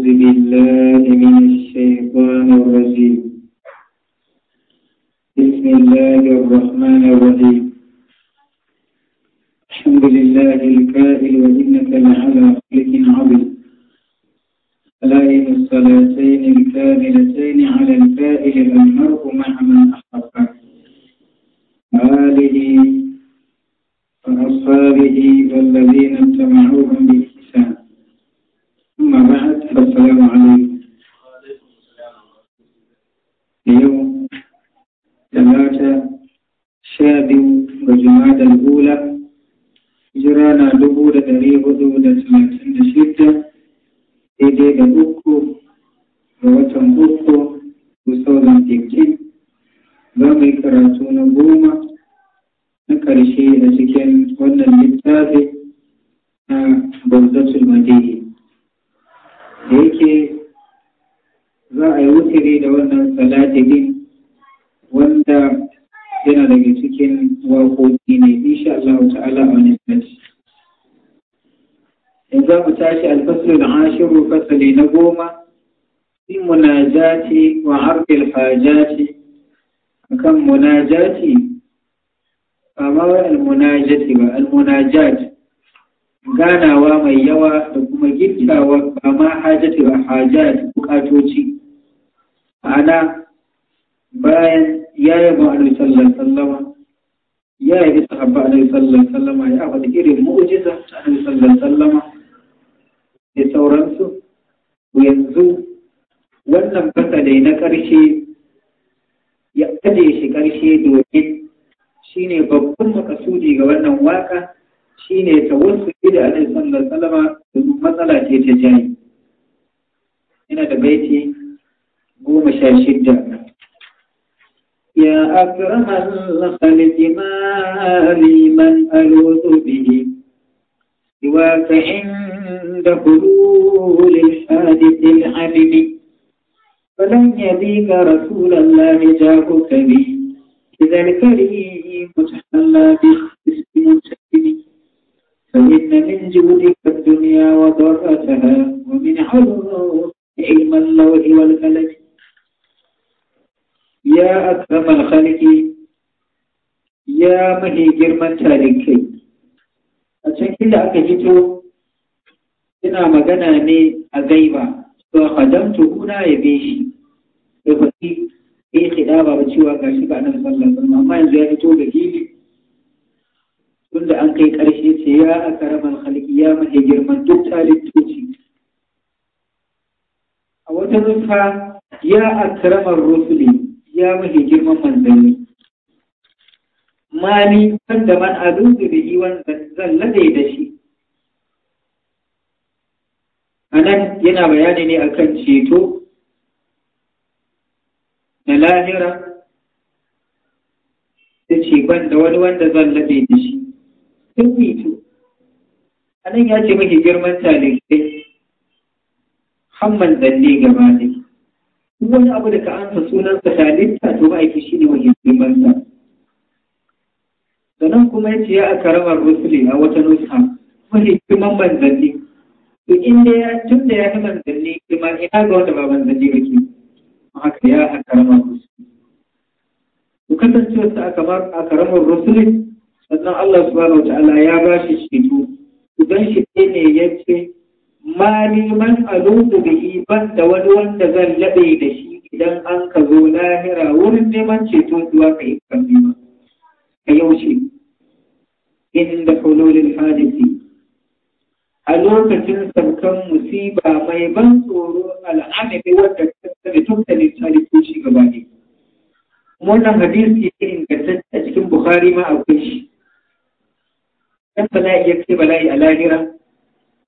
أعوذ بالله من الشيطان الرجيم بسم الله الرحمن الرحيم الحمد لله الكائن وإنك لعلى خلق عظيم ألائم الصلاتين الكاملتين على الكائن المرء مع من أحبه آله وأصحابه والذين اتبعوهم السلام عليكم yau talata sha biyu ga jumadar hula jira na dubu da dari hudu da talatin da shida daidai da uku ga watan uku 2015 za mu yi karatu na goma na ƙarshe a cikin wannan littafi na gwamnatin madini za a yi wutiri da wannan salati din wanda yana daga cikin waƙoƙi ne insha Allah ta'ala a wani in za mu tashi alfasir da ashiru fasali na goma fi munajati wa harfil hajati akan munajati ba ma wa almunajati ba almunajati ganawa mai yawa da kuma gittawa ba ma hajati ba hajati bukatoci ma'ana bayan ya yaba alaihi sallallahu sallama ya yi yabi sahabba alaihi sallallahu sallama ya da irin mu'ujiza a alaihi sallallahu sallama da sauransu yanzu wannan fasalai na ƙarshe ya ɗaje shi ƙarshe domin shi ne babban makasudi ga wannan waka shi ne ta wasu da alaihi sallallahu sallama domin matsala ce ta jayi yana da baiti قوم شاشد يا أكرم الخلق ما لي من ألوذ به سواك عند حلول الحادث العلم فلن يليك رسول الله جاءك به إذا الكريم تحلى باسم مسلم فإن من جودك الدنيا وضرتها ومن علوم علم اللوح والفلك ya akramal khalqi ya mahi girman talikai a cikin da aka fito, ina magana ne a gaiba to khadamtu kuna ya be shi da fasi eh khidaba ba cewa shi ba nan sallallahu alaihi wasallam amma yanzu ya fito da tunda an kai karshe ce ya akramal khalqi ya mahi girman duk talitoci a wata nufa ya akramar rusuli ya mafi girman manzanni mani kan da man abin da yi wanda zan lade da shi a nan yana bayani ne akan ceto da lahira da ce ban da wani wanda zan lade da shi sun fito a nan ya ce mafi girman talibai hamman zanne gaba ne wani abu da ka ansa sunansa halitta to ma'aiki shi ne wajen limansa sannan kuma ya ce ya a karamar rusuli a wata nusa kiman manzanni to inda ya tun da ya fi manzanni kuma ina ga wanda ba manzanni ba ke haka ya a karamar rusuli to kasancewarsa a karamar rusuli sannan Allah subhanahu wa ta'ala ya ba shi to idan shi ne ya ce ma neman man alutu ban da wani wanda zan laɓe da shi idan an ka zo lahira wurin neman ceto zuwa ka yi kan nema a in da hulolin hadisi a lokacin saukan musiba mai ban tsoro al'amari wadda ta da ke shi gaba ne wannan hadisi ya ingantacce a cikin bukhari ma akwai shi dan bala'i ya kai bala'i a lahira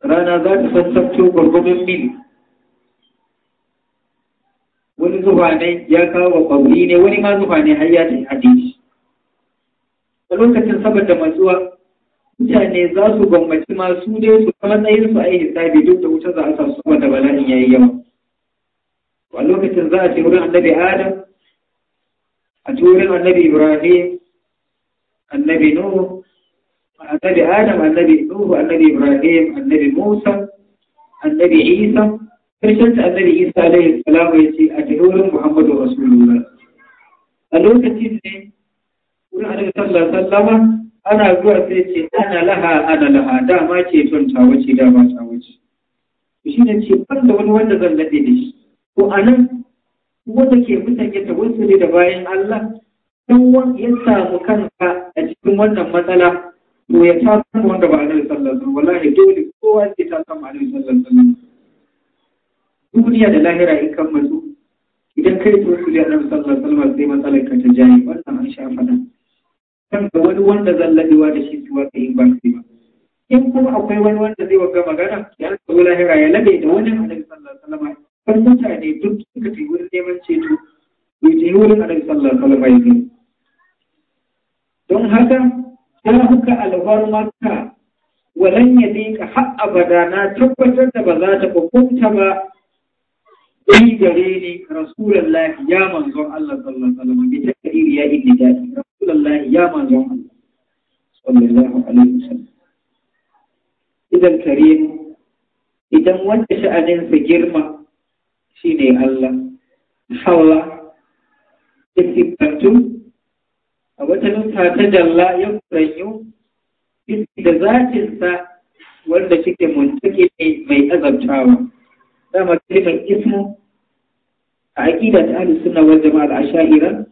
rana za ta sassabto gwargwamin mil wani zuwa ne ya kawo ƙauri ne wani ma zuwa ne har ya ta hadisi a lokacin saboda matsuwa mutane za su gwammaci masu dai su kama tsayin su a yi hisabi duk da wuta za a sa su wata bala'in ya yi yawa a lokacin za a ce wurin annabi adam a ce wurin annabi ibrahim annabi nuhu annabi adam annabi nuhu annabi ibrahim annabi musa annabi isa karshen annabi isa alaihi salamu ya ce a jihohin muhammadu rasulullah a lokacin ne wurin annabi sallallahu sallar wasallama ana zuwa sai ce ana laha ana laha dama ce son ta wuce dama ta wuce shi ne ce ban da wani wanda zan daɗe da shi ko a anan wanda ke mutane ta wasu da bayan Allah dan ya samu kanka a cikin wannan matsala to ya ta san wanda ba annabi sallallahu alaihi wallahi dole kowa sai ta san annabi sallallahu alaihi duniya da lahira in idan kai sai ta wannan kan wani wanda ba kuma akwai wani wanda zai magana ya tsawo lahira ya labe da wani annabi mutane duk suka tafi wurin neman ceto wurin don haka ɗaukaka albarmarka walan ya liƙa har abada na tabbatar da ba za ta hukunta ba ɗai gare ni rasulallah ya manzon Allah sallallahu alaihi wasallam bi takdir ya inni dadi rasulallah ya manzon Allah sallallahu alaihi wasallam idan karim idan wanda sha'aninsa girma shine Allah hawa ya fitattu a wata nufa ta dalla ya furanyu da sa wanda kike muntaki ne mai azabtawa da kalimar ismu a aƙida ta ahli sunna wal jama'a al-asha'ira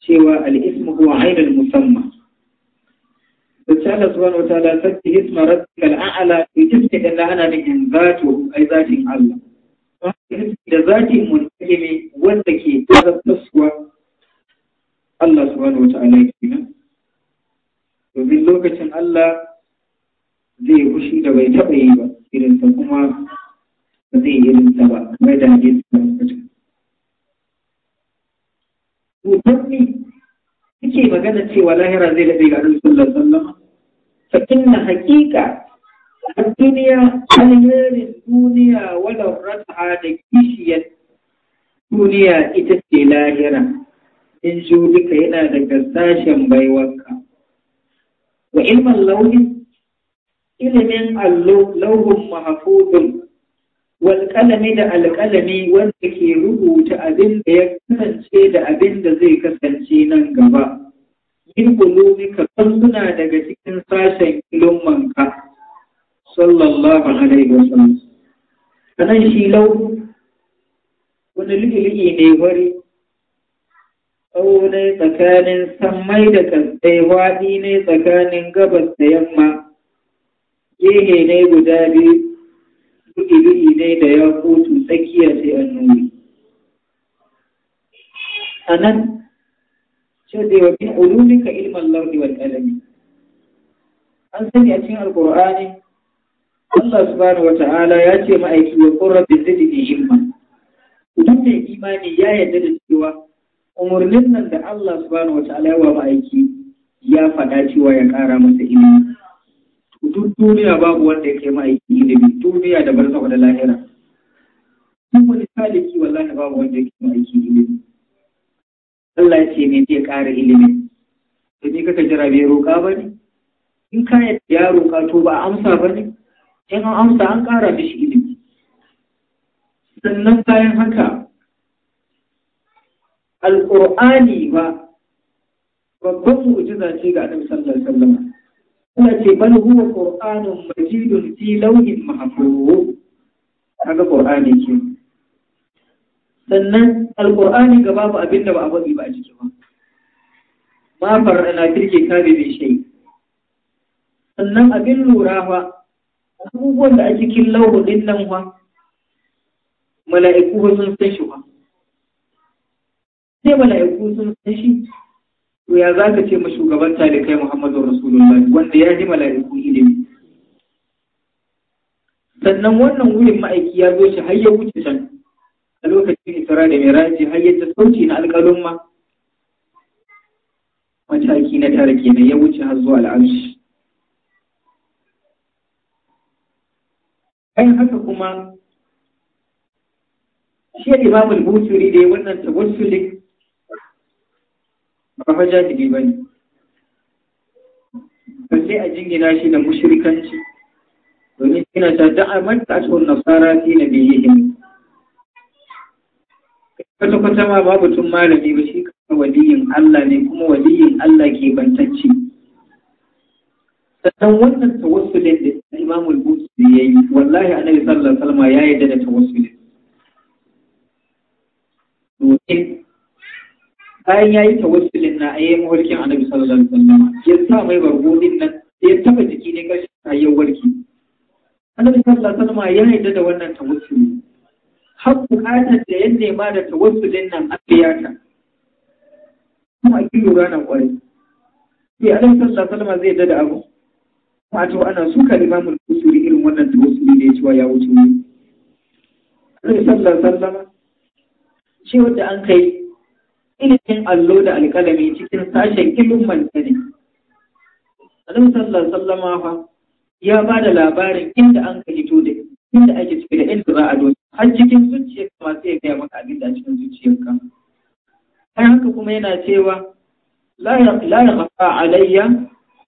cewa al-ismu huwa ainul musamma tsala zuwa subhanahu wataala sabbi isma rabbikal a'la to ismi da ana da in ai zatin Allah da zatin ne wanda ke azabtarsuwa Allah subhanahu wa ta'ala kenan domin lokacin Allah zai fushi da bai taɓa yi ba irin ta kuma ba zai ta ba mai da hadisi da lokacin cutar ne suke magana cewa lahira zai daɗe ga Annabi sallallahu alaihi wasallam fa inna haqiqa alherin duniya wala rata da kishiyar duniya ita ce lahira in shi duka yana daga sashen baiwarka wa ilmin launin ilimin lauhun mahafudun walƙalami da alƙalami wanda ke rubuta abin da ya kasance da abin da zai kasance nan gaba yin ulumika kan suna daga cikin sashen ilmanka sallallahu alaihi wasallam anan shi lau wani li'ili ne wari tsawo ne tsakanin sammai da kasai waɗi ne tsakanin gabas da yamma gehe ne guda biyu gudu ne da ya kotu tsakiya sai an nuni a nan shaɗe wa ulumin ka ilman launi wal kalami an sani a cikin alƙur'ani Allah subhanahu wa ta'ala ya ce ma'aiki wa qurra bi sidqi himma idan mai imani ya yarda da cewa umarnin nan da Allah subhanahu wa ta'ala ya ba ma'aiki ya faɗa cewa ya ƙara masa ilimi duk duniya babu wanda ya kai ma'aiki ilimi duniya da bar da lahira duk wani saliki wallahi babu wanda ya kai ma'aiki ilimi Allah ya ce ne zai ƙara ilimi da ni kaka jira bai roƙa ba ne in ka ya roƙa to ba amsa ba ne in an amsa an ƙara mishi ilimi sannan bayan haka alƙur'ani ba babban mu'jiza ce ga annabi sallar alaihi wasallam kuma ce bal huwa qur'anun majidun fi launin mahfuz kaga qur'ani ke sannan alqur'ani ga babu abin da ba a faɗi ba a ciki ba ma na kirke kabe mai shai sannan abin lura fa abubuwan da a cikin lauhudin nan fa mala'iku ba sun san shi fa sai mala'iku sun san shi to ya za ce ma shugaban kai muhammadu rasulullah wanda ya ji mala'iku ilimi sannan wannan wurin ma'aiki ya zo shi har ya wuce can a lokacin isra da miraji har ya sauti sauci na alƙalin ma mataki na tara kenan ya wuce har zuwa al'amshi bayan haka kuma shi imamul buturi da ya wannan tawassulin ba fa ba ne Ba sai a jingina shi da mushrikanci domin suna ta da'a ta ashur nasara fi nabiyihim kwata kwata ma babu tun malami ba shi kasa waliyin Allah ne kuma waliyin Allah ke bantacce sannan wannan tawassulin da Imam al ya yayi wallahi Annabi sallallahu alaihi wasallam ya yarda da tawassulin domin bayan ya yi tawassulin na ayi mawarkin annabi sallallahu alaihi wasallam ya sa mai bargo nan ya taba jiki ne kashi a yau warki annabi sallallahu alaihi wasallam ya yarda da wannan tawassuli har bukatar da ya nema da tawassulin nan an biya ta kuma a kilo ranar kwarai sai annabi sallallahu alaihi wasallam zai yarda da abu wato ana suka limamul kusuri irin wannan tawassuli da ya cewa ya wuce ne annabi sallallahu alaihi wasallam ce wanda an kai ilimin allo da alƙalami cikin sashen ilimin mantari. Annabi sallallahu sallama fa ya ba da labarin inda an ka hito da inda ake ciki da inda za a doki har cikin zuciyar ma sai ya gaya maka abin da cikin zuciyarka. Har haka kuma yana cewa la ya khafa alayya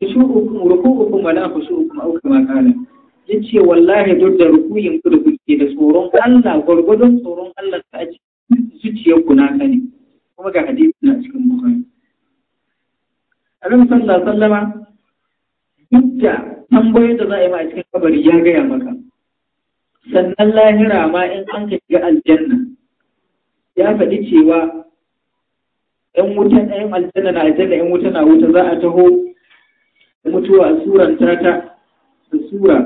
khushu'ukum ruku'ukum wa la khushu'ukum aw kama qala. Yace wallahi duk da rukuyin ku da kuke da tsoron Allah gwargwadon tsoron Allah ta a cikin zuciyarku na sani. kuma ga hadisi na cikin bukari. abin sallah sallama duk da tambayoyin da za a yi ma a cikin kabari ya gaya maka sannan lahira ma in an ka shiga aljanna ya faɗi cewa ‘yan wutan ‘yan aljanna na aljanna ‘yan wuta na wuta za a taho mutuwa a suran tata da sura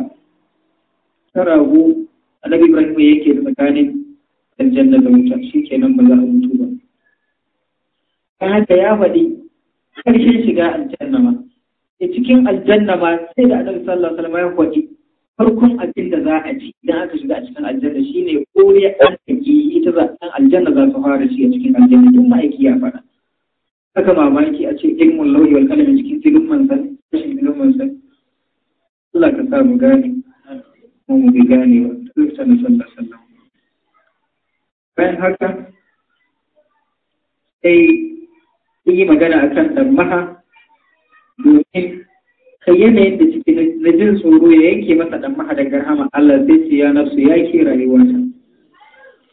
ta rago nabi ibrahim yake da tsakanin aljanna da wuta shi kenan ba za a mutu ta haka ya faɗi ƙarshen shiga aljanna ma da cikin aljanna ma sai da annabi sallallahu alaihi wasallam ya faɗi farkon abin da za a ci idan aka shiga a cikin aljanna shine koriya an take ita za a aljanna za su fara shi a cikin aljanna duk ma'aiki ya faɗa haka mamaki a ce ilmun lauyi wal kalamin cikin filin manzan rashin filin manzan Allah ka sa mu gane mu mu bi ganewa duk sanin sallallahu alaihi wasallam bayan haka sai sun yi magana akan ɗan maha domin kai yanayin da ciki na jin tsoro ya yanke masa ɗan maha daga Allah zai ce ya nafsu ya ke rayuwata.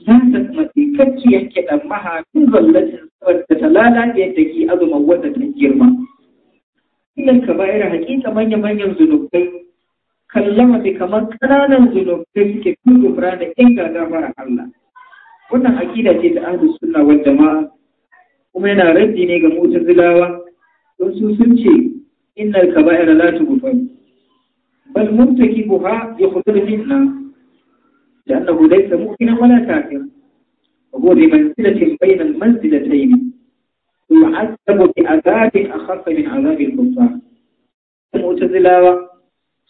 Zan ta matsi kakki yanke ɗan maha tun zallacin wadda ta lalace da ke azuma wadda ta girma. Ilan ka bayar hakika manya-manyan zunubai kallama bai kamar ƙananan zunubai suke tun gumra da ƴan gagamar Allah. Wannan aƙida ce ta ahlus sunna wal jama'a kuma yana raddi ne ga motar zilawa don su sun ce innal kaba'ira la tughfar bal mumtakibuha yakhudul fitna لأنه ليس مؤمنا ولا كافرا وهو بمنزلة بين المنزلتين ويعذب بعذاب أخف من عذاب الكفار المعتزلاوة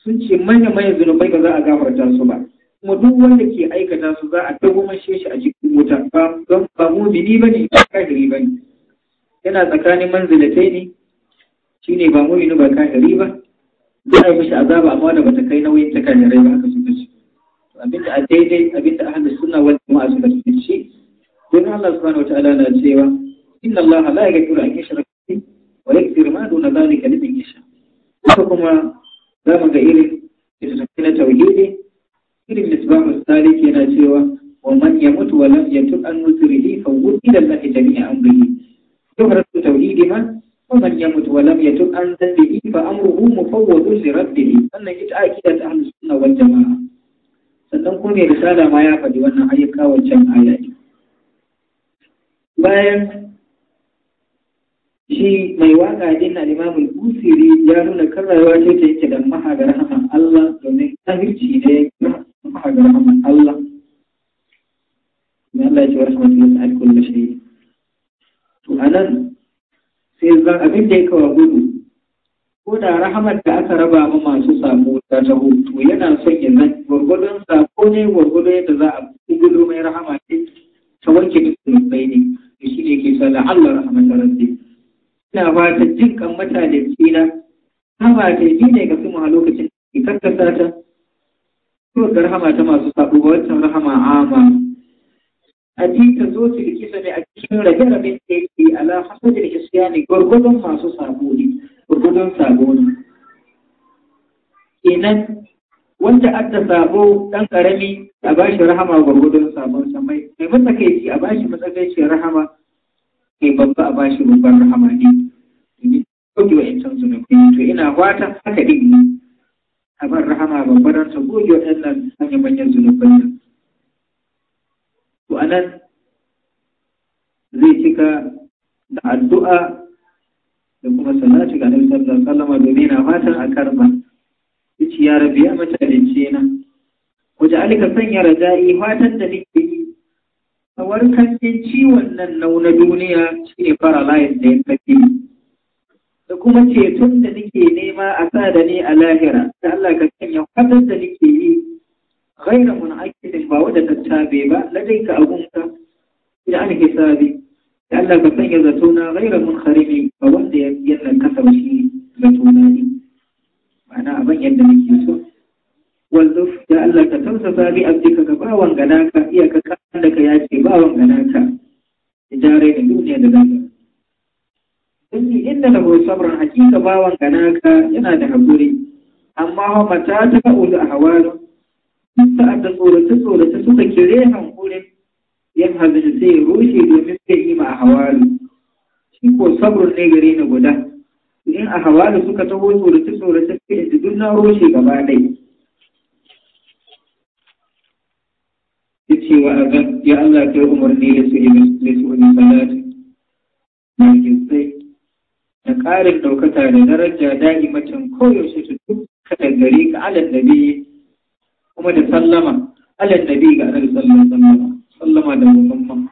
sun ce manya manyan zunubai ba za a gafarta su ba kuma duk wanda ke aikata su za a mashe shi a cikin wuta ba don ba ba ne ba ba ne yana tsakanin manzilatai ne shi ne ba mu'minu ba kafiri ba za a yi mishi azaba amma da bata kai nauyin ta kafirai ba haka suka ce abinda a daidai abinda ahlus sunna wal jama'a suka ce shi don Allah subhanahu wataala na cewa inna Allah la yaghfiru an yushraka bihi wa yaghfiru ma duna dhalika liman yasha haka kuma za mu ga irin littattafai na tauhidi irin misbahu salik yana cewa wa man yamutu wa lam yatub an nusrihi fa wudila Allah jami'a amrihi شهرة توحيدها ومن يمت ولم يتب عن ذنبه فأمره مفوض لربه أن يتأكد أهل السنة والجماعة sannan kuma ما risala ma ya faɗi wannan ayyuka wancan aya bayan shi mai waka din na limamin kusiri, ya nuna kan ce ta yake da maha ga Allah domin kafirci ne maha ga Allah. to a nan sai zan abin da ya kawo gudu ko da rahamar da aka raba ma masu samu ta taho to yana son ya zan gwargwadon sako ne gwargwadon yadda za a gudu mai rahama ce ta wanke duk mai ne da shi ne ke sallah Allah da rabbi ina ba ta jinkan mutane tsira ta ba ta yi ne ga kuma a lokacin da ke ta ko da rahama ta masu sabo ba wancan rahama ama aji ta zo ta rikisa ne a cikin rage-ragen da yake ala hasadin ne gwargwadon masu sabo ne gwargwadon sabo ne kenan wanda da sabo dan karami a ba shi rahama gwargwadon sabon sa mai mai matsakaici a ba shi matsakaici rahama mai babba a ba shi babban rahama ne domin ɗauki wa yancan zunubi to ina wata haka ɗin ne a bar rahama babban ransa goge waɗannan manya-manyan salat zai cika da addu'a da kuma salati ga Annabi sallallahu alaihi wasallam domin na fatan a karba yace ya rabbi ya matalince na waje alika sanya raja'i fatan da nike yi a warkar ciwon nan na duniya shine paralyzed da ya kafi da kuma ceton da nike nema a sa da ni a lahira da Allah ka sanya fatan da nike yi غير منعكس ba wadda ta tabe ba ladai ka abunka da an hisabi da Allah ka sanya zato na gaira mun harimi ba wanda ya kasance zato na ne ma'ana abin yadda nake so wanzu da Allah ka tausasa bi abdika ga bawan gana ka iya ka kan da ka yace bawan gana ka ijarai da duniya da zama sun inda da sabran hakika bawan gana ka yana da haƙuri amma mata ta ta'udu a hawarin sa'ad da tsorace-tsorace suka kire hankulin yan hazin sai ya rushe domin bai yi ma a hawalu shi ko sabrun ne gare na guda in a hawalu suka taho tsorace-tsorace ke yanzu duk na rushe gaba dai ya ce wa azan ya Allah kai umarni da su yi musu wani salatu na gizai da ƙarin daukata da daraja da'imacin koyaushe su duk kada gari ka alal da biyu kuma da sallama alal nabi ga annabi sallama sallama sallama da musamman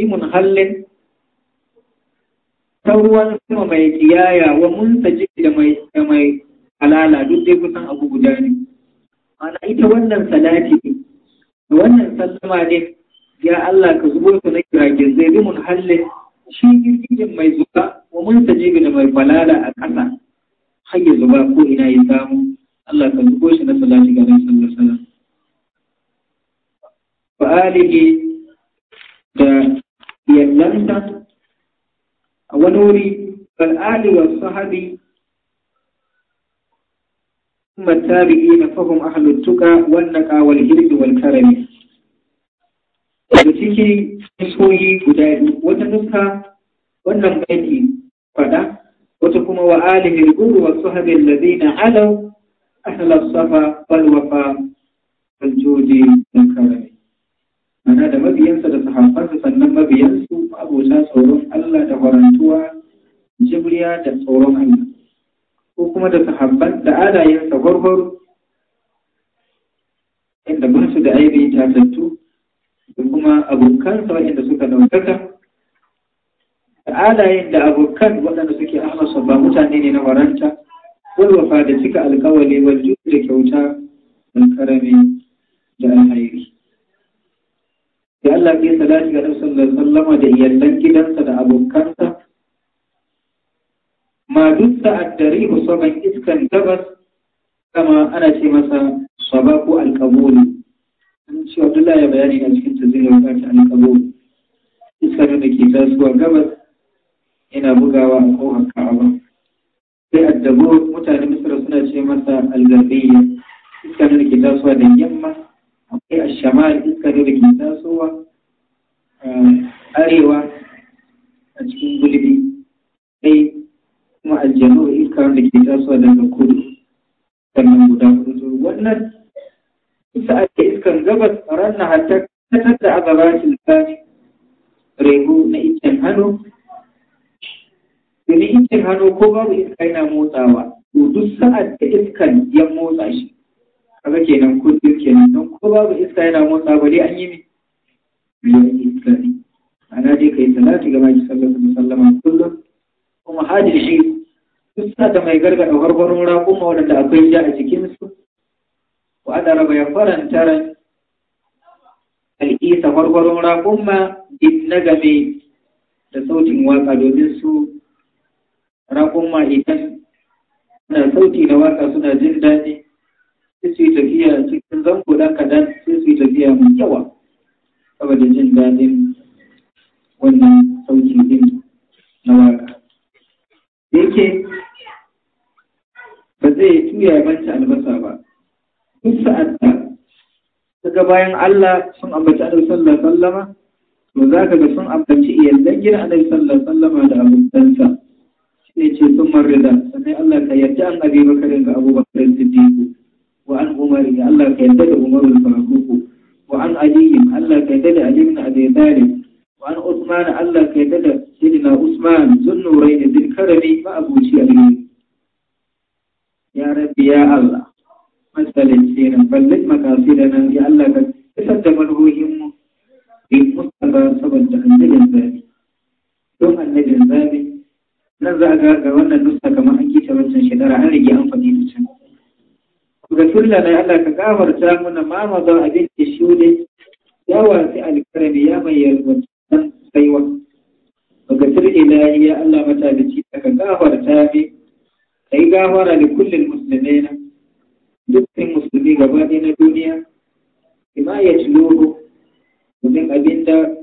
imun hallin ta ruwan sama mai kiyaya wa mun saji da mai da mai halala duk dai kusan abu guda ne ana ita wannan salati ne da wannan sallama ne ya Allah ka zubo su na kirage zai bi mun halle shi girgijin mai zuba wa mun saji da mai falala a ƙasa har ya zuba ko ina ya samu Allah ka dubo shi na salati ga nan sallar sallar fa alihi da yallanta a wani wuri fal ali wa sahabi ثم التابعين فهم أهل التقى والنقى والهرب والكرم da ciki isoyi guda biyu wata nuska wannan baiti fada wata kuma wa alihi wa sahabi أهل الصفا والوفا والجود والكرم ana da mabiyansa da sahabbansa sannan mabiyansu abota tsoron Allah da horantuwa jibriya da tsoron Allah ko kuma da sahabban da alayensa gwargwaro inda bunsu da aibi tatattu da kuma abokansa waɗanda suka ɗaukaka da alayen da abokan waɗanda suke ahmasa ba mutane ne na faranta. والوفاء da cika alkawali wajen da kyauta don karami da alhairi da Allah ke salati ga Rasul sallama da iyallan gidansa da abokansa ma duk sa'ad da rihu saman iskan gabas kama ana ce masa sabaku alkabuli an ce Abdullahi ya bayani a cikin tazilin fata alkabuli iskar da ke tasowa gabas yana bugawa a kowar ka'aba sai addabo mutane misra suna ce masa algabiya iska ne da ke tasowa da yamma akwai ashamal iska ne da ke tasowa eh, arewa a cikin gulbi sai kuma aljanu iska da ke tasowa daga kudu sannan guda kudu. wannan isa ake iskan gabas a ranar hatta tattar da gabashin tsari rehu na iccen hannu domin injin hannu ko babu iska yana motsawa to duk sa'ad da iskan ya motsa shi kaga kenan ko kenan don ko babu iska yana motsa ba dai an yi ne biyan iska ne ana dai kai salati ga baki sallallahu alaihi wasallam kullum kuma hajin shi duk sa'ad da mai gargada harbarun raƙuma wadanda akwai ja a su ko ana raba ya faranta ran al'isa harbarun raƙuma in na game da sautin waka domin su raƙumma idan na sauti da waka suna jin daɗi sai su yi tafiya cikin zango ɗan kaɗan sai su yi tafiya mai yawa saboda jin daɗin wannan sauti din na waka da yake ba zai tuya banci albasa ba duk sa'ad da daga bayan Allah sun ambaci annabi sallallahu alaihi wasallama to ka ga sun ambaci iyalan gidan annabi sallallahu alaihi wasallama da abokansa sai ce sun marrida sai Allah ka yarda an abi bakarin ga abubakar siddiqu wa an umari Allah ka yarda da umar al-faruq wa an aliyin Allah ka yarda da ali ibn abi talib wa an usman Allah ka yarda da sayyidina usman zunnurain bil karami ma abuci ali ya rabbi ya Allah masalin sirrin ballin nan ya Allah ka isar da manhohin mu bi mustafa saboda annabin zabi don annabin zabi nan za ga ga wannan nusa kamar an kita wancan shekara an rage an faɗi da can ga turla na Allah ka gafarta mana ma ma za abin da shi ne ya wasi alkarami ya mai yalwatan saiwa ga turle na ya Allah mata da ci ka gafarta ka kai gafara da kullum musulmai na dukkan musulmi gaba ɗaya na duniya ima ya ci lobo domin abin da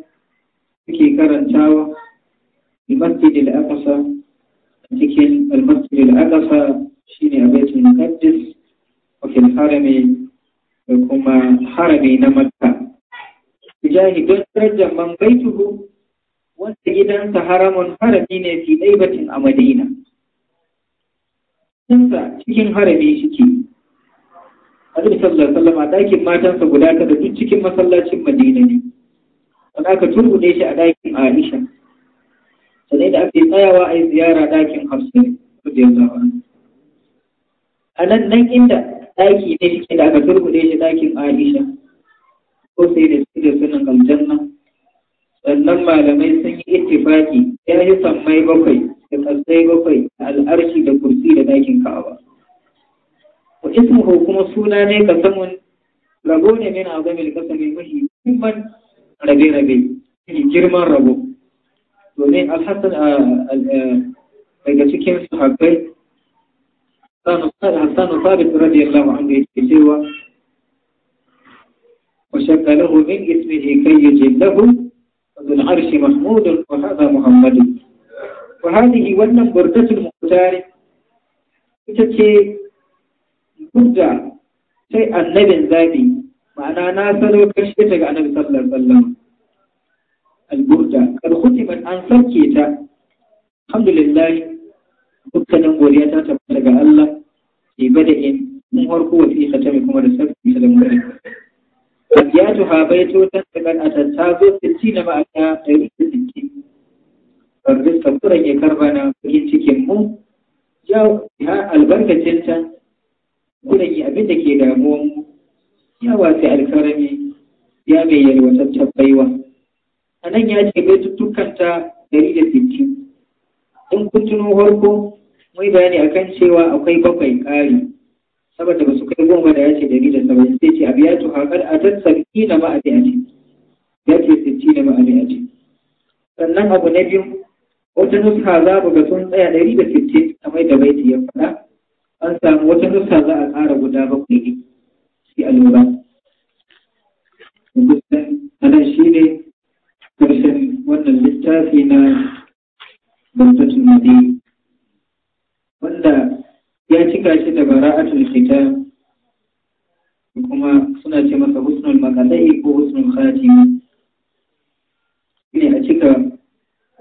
suke karantawa bi da aqsa cikin da al shi shine a baitul muqaddas wa harami da kuma harami na makka jahi don darajar man baituhu wanda gidansa haramun harami ne fi ɗaibatin a madina Sunsa cikin harami shike Annabi sallallahu alaihi wasallam a ɗakin matansa guda da duk cikin masallacin Madina ne. Wanda aka shi a ɗakin Aisha. sanai da ake tsayawa a yi ziyara ɗakin hafsin radiyallahu anha a nan nan inda ɗaki ne ke da aka turbuɗe shi ɗakin Aisha ko sai da su da sunan aljanna sannan malamai sun yi ittifaki ya yi sammai bakwai da kasai bakwai da al'arshi da kursi da ɗakin Ka'aba wa ismuhu kuma suna ne ka samun rabo ne min azamil kasa mai mahimman rabe-rabe girman rabo örneğin Al-Hasan daga cikin sahabbai Hassan Sabit radiyallahu anhu yake cewa وشق له من اسمه كي يجله ذو العرش محمود وهذا محمد وهذه wannan burdatul mutari ita ce burda sai annabin zabi ma'ana na salo kashe ta ga annabi sallallahu alaihi wasallam alburda kad khutimat an sarki ta alhamdulillah dukkanin godiya ta tabbata ga Allah ke bada in mun harko wa fi khatami kuma da sarki da mutum abiyatu ha baito ta kan atanta da 60 ma'ana 160 farris kafuran ke karba na farin cikin mu ya ha albarkacin ta gudan yi abin da ke damuwa. mu ya wasi alkarami ya mai yalwataccen baiwa a nan ya ce bai ɗari da sittin in kun tuno farko mai bayani akan cewa akwai bakwai ƙari saboda ba su kai goma da ya ce dari da saba'in sai ce abu ya tu haƙar a tan sarki na ma'abi a ce ya ce sarki na ma'abi a ce sannan abu na biyu wata nuska za ga sun tsaya dari da sittin kamar da baiti ya faɗa an samu wata nuska za a ƙara guda bakwai ne shi a lura. Anan shi ne karshen wannan littafi na Bamtatun Madi wanda ya cika shi da bara'atul kitab kuma suna ce masa husnul makalai ko husnul khatimi ne a cika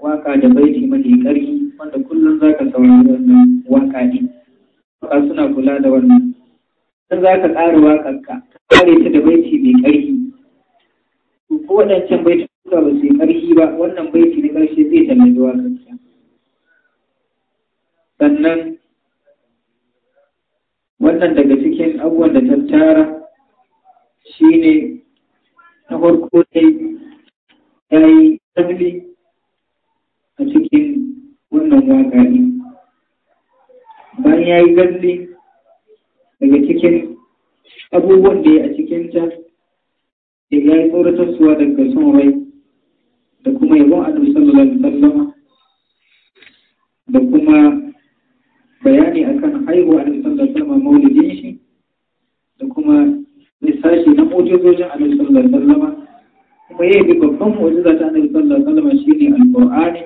waka da baiti mafi ƙarfi wanda kullum zaka saurari wannan waka ne waka suna kula da wannan za zaka ƙara waka ka kare ta da baiti mai ƙarfi ko waɗancan baiti suka ba su ƙarfi ba wannan baiti na ƙarshe zai tallafi waƙarsa sannan wannan daga cikin abubuwan da ta tara shi ne na farko dai ya yi ƙarfi a cikin wannan waƙa ne bayan ya yi ƙarfi daga cikin abubuwan da ya a cikinta ta ya yi tsoratarsuwa daga son rai kuma yabon annabi sallallahu alaihi wasallam da kuma bayani akan haihuwa annabi sallallahu alaihi wasallam maulidin shi da kuma lissashi na mu'jizojin annabi sallallahu alaihi wasallam kuma yayi babban mu'jiza ta annabi sallallahu alaihi wasallam shine alqur'ani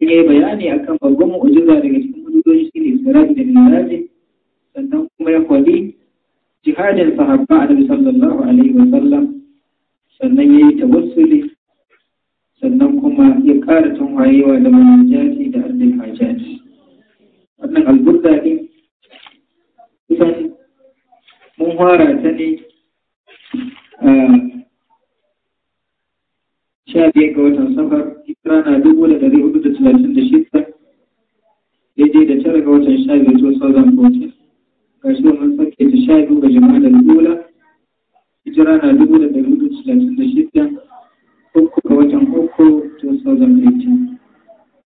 yi bayani akan babban mu'jiza daga cikin mu'jizoji shine isra'i da mi'raj sannan kuma ya kwali jihadin sahabba annabi sallallahu alaihi wasallam sannan yayi tawassuli sannan kuma ya ƙara tunwayewa da manajati da ardin hajjati wannan albudda ne kusan mun fara ta ne a sha biyar ga watan safar rana dubu da ɗari hudu da talatin da shida daidai da tara ga watan sha zuwa sauran mun sake ta sha biyu ga jama'a da dubu da ɗari hudu da talatin da shida uku ga watan uku 2018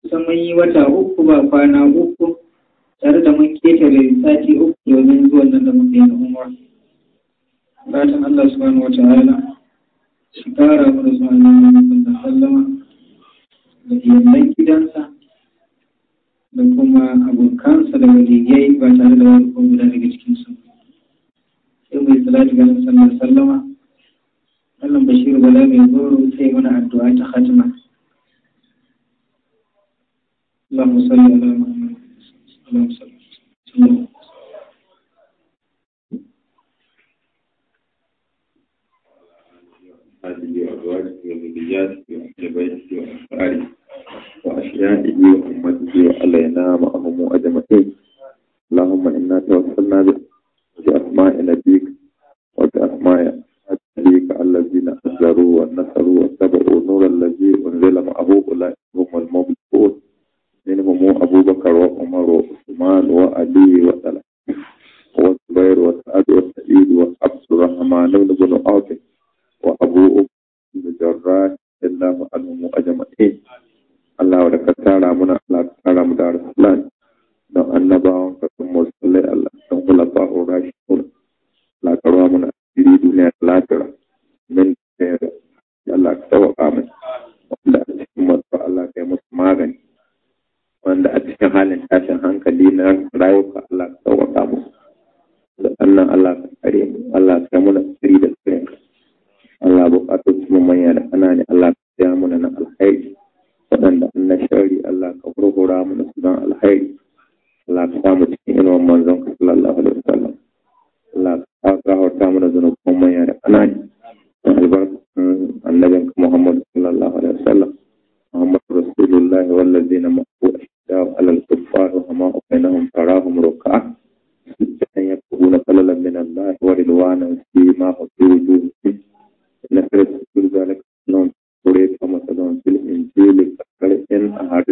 kusan mun yi wata uku ba kwana uku tare da mun ketare sati uku domin zuwan nan da muka yi na umar fatan Allah subhanahu wa ta'ala shi kara mu da tsohon nan da sallama da iyalan gidansa da kuma abokansa da waliyai ba tare da wani guda daga su. sai mai salatu ga sallar sallama Malam Bashir ولا mai goro sai mana addu'a ta صل على محمد ala Muhammad. Allahumma salli. هذه وأزواجه وذرياته وأهل بيته وأنصاره وأشيائه وأمته اللهم إنا توسلنا بأسماء نزروا والنصر واتبعوا نور الذي أنزل معه أولئك هم المبلغون منهم ابو بكر وعمر وعثمان وعلي وطلحة والزبير وسعد وسعيد وعبد الرحمن بن عوف وابو بن جراح الله عنهم اجمعين الله ولك تعالى منا الله تعالى مدار الإسلام لو annabawan ka in